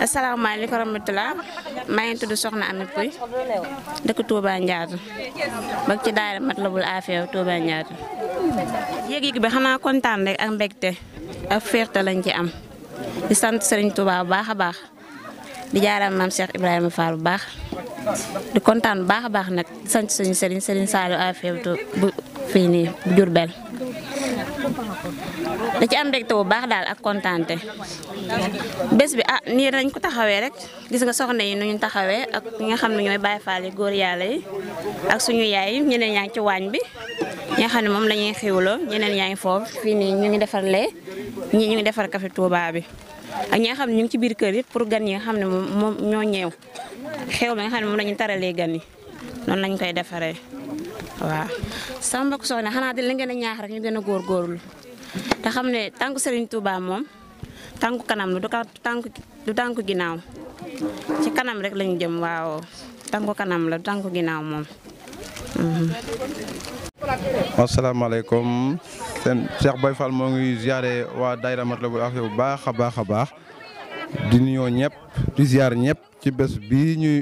asalaamaaleykum wa rahmatulah maa ngi tudd Soxna am Pouy dëkk Touba Ndiatou bokk ci daayira Matlabul Afia Touba Ndiatou. yëg-yëg bi xanaa kontaan rek ak mbégte ak fierté lañ ci am di sant Serigne Touba bu baax a baax di jaaram maam ibrahim a Fall bu baax di kontaan bu baax a baax nag di sant suñu Serigne Serigne Saliou Afia bu fii nii Diourbel. da ci am mbégte bu baax daal ak kontaante bés bi ah niir dañ ko taxawee rek gis nga soxna yi nu ñu taxawee ak ñi nga xam ne ñooy Baay faale góor yàlla yi ak suñu yaay yi ñeneen yaa ngi ci waañ bi ñi xam ne moom la ñuy xiwloo ñeneen yaa ngi foofu fii nii ñu ngi defar lee ñii ñu defar café Touba bi ak ñi xam ne ñu ngi ci biir kër yi pour gan yi nga xam ne moom moom ñoo ñëw xew bi nga xam ne moom lañuy ñu taralee gan yi noonu lañu koy defaree waaw sama mbokk soxna xanaa di leen gën ñaax rek ñu gën góor góorgóorlu te xam ne tànku Serigne Touba moom tànku kanam la du tànku du ginnaaw kanam rek lañu jëm waaw kanam la tànku ginnaaw moom. Mhm. asalaamaaleykum seen Cheikh Boy Fall moo ngi ziare waa Daayira Matlabul Afiya bu baax a baax a baax di nuyoo ñëpp di ci bés bi ñuy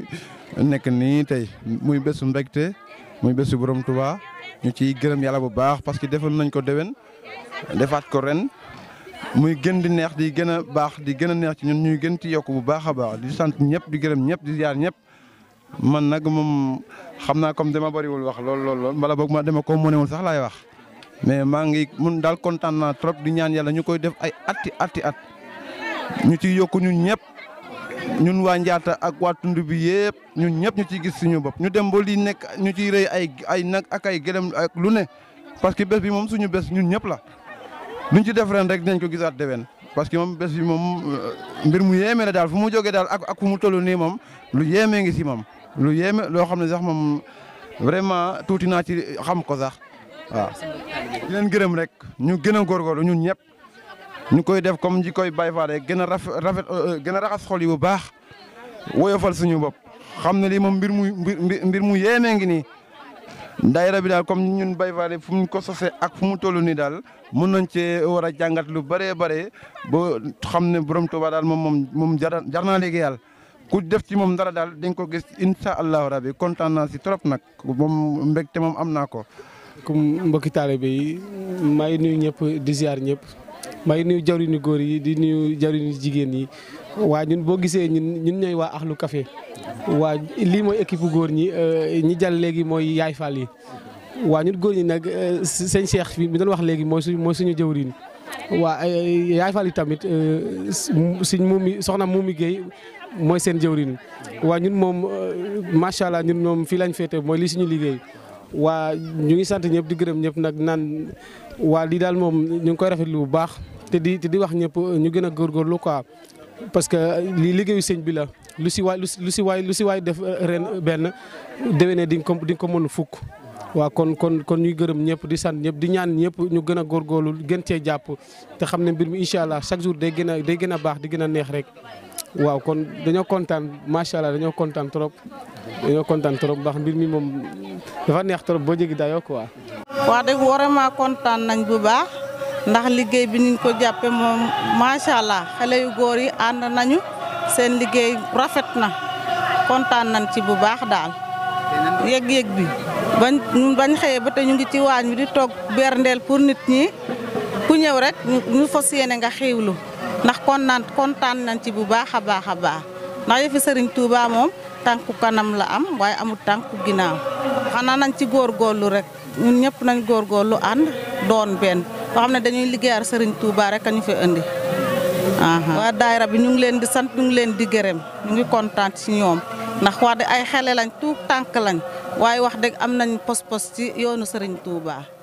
nekk nii tey muy bésu mbégte. muy bëssu borom tuba ñu ci gërëm yalla bu baax parce que defal nañ ko dewen defaat ko ren muy gën di neex di gëna baax di gëna neex ci ñun ñuy gën ci yokk bu baaxa baax di sant ñepp di gërëm ñepp di ziar ñepp man nak mom xamna comme dama wul wax lool lool lool mbala bok ma dama ko mënewul sax lay wax mais ma ngi mun dal kontaan trop di ñaan yalla ñukoy def ay atti atti at ñu ci yokku ñun ñepp ñun waa Njaata ak waa tund bi yëpp ñun ñëpp ñu ciy gis suñu bopp ñu dem ba lii nekk ñu ci rey ay ay nag ak ay gëlëm ak lu ne parce que bés bi moom suñu bés ñun ñëpp la luñ ci def ren rek dinañ ko gisaat déwén parce que moom bés bi moom euh, mbir mu yéeme la daal fu mu jogee daal ak ak fu mu toll nii moom lu yéeme ngi si moom lu yéeme loo xam ne sax moom vraiment tuuti naa ci xam ko sax waaw di leen gërëm rek ñu gën a góorgóorlu ñun ñëpp. ñu koy def comme ñi koy Baay Faal gën a rafet euh, euh, gën a raxas xol yi bu baax woyofal suñu bopp xam ne lii moom mbir mu mbir mu yéeme ngi nii daayira rabi daal comme ñun Baay Faal fu mu ko ak fu mu toll nii daal mun nañ cee war a jàngat lu bëree bare boo xam ne borom Tuuba daal moom moom moom jar jar naa liggéeyal ku def ci moom dara daal dañ ko gis incha allahu rabi kontaan naa si trop nag moom mbégte moom am naa ko. comme mbokki taalibe yi maa ngi nuyu ñëpp di ñëpp. may nuyu jawriñu góor yi di nuyu jawriñu jigéen yi waa ñun boo gisee ñun ñun ñooy waa Axlu kafe waa lii mooy équipe góor ñi euh, ñi jàll léegi mooy Yaay Fall yi waa ñun góor ñi nag euh, sëñ Cheikh bi doon wax léegi mooy suñu mooy suñu jawriñ waa euh, Yaay Fall yi tamit suñ muumi soxna muumi Guèye mooy seen jawriñ waa ñun moom macha allah ñun moom fii lañ féete mooy lii suñu liggéey. waa ñu ngi sant ñëpp di gërëm ñëpp nag naan waa lii daal moom ñu ngi koy rafetlu bu baax. te di wax ñëpp euh, ñu gën a góorgóorlu quoi parce que euh, lii liggéeyu sëñ bi la lu si waay lu si waay lu si waay def euh, ren benn déwénee di nga ko di ko mën fukk. waaw kon kon kon ñuy gërëm ñëpp di sant ñëpp di ñaan ñëpp ñu gën a góorgóorlu gën cee jàpp te xam ne mbir mi incha allah chaque jour day gën a day gën a baax di gën a neex rek. waaw kon dañoo kontaan macha allah dañoo kontaan trop dañoo kontaan trop ndax mbir mi moom dafa neex trop boo jéggi dayoo quoi. wax dëgg vraiment kontaan nañ bu baax. ndax liggey bi niñ ko mom ma sha allah xalé yu goor yi and nañu seen liggey rafet na contane nañ ci bu baax daal yegg yegg bi bañ ñun bañ xeye ba tey ñu ngi ci waañ bi di tok berndel pour nit ñi ku ñew rek ñu fas nga xewlu ndax contane contane nañ ci bu baaxa baaxa baax a baax ndax yëfi sëriñ Touba mom tanku kanam la am amu tanku ginaaw xana nañ ci rek ñun nañ and doon ben yoo xam ne dañuy liggéeyal sëriñ Touba rek a ñu fee indi waa daayira bi ñu ngi leen di sant ñu ngi leen di gërëm ñu ngi kontaan ci ñoom ndax wax dëgg ay xale lañ tuut tànk lañ waaye wax dëgg am nañ pos-pos ci yoonu sëriñ Touba.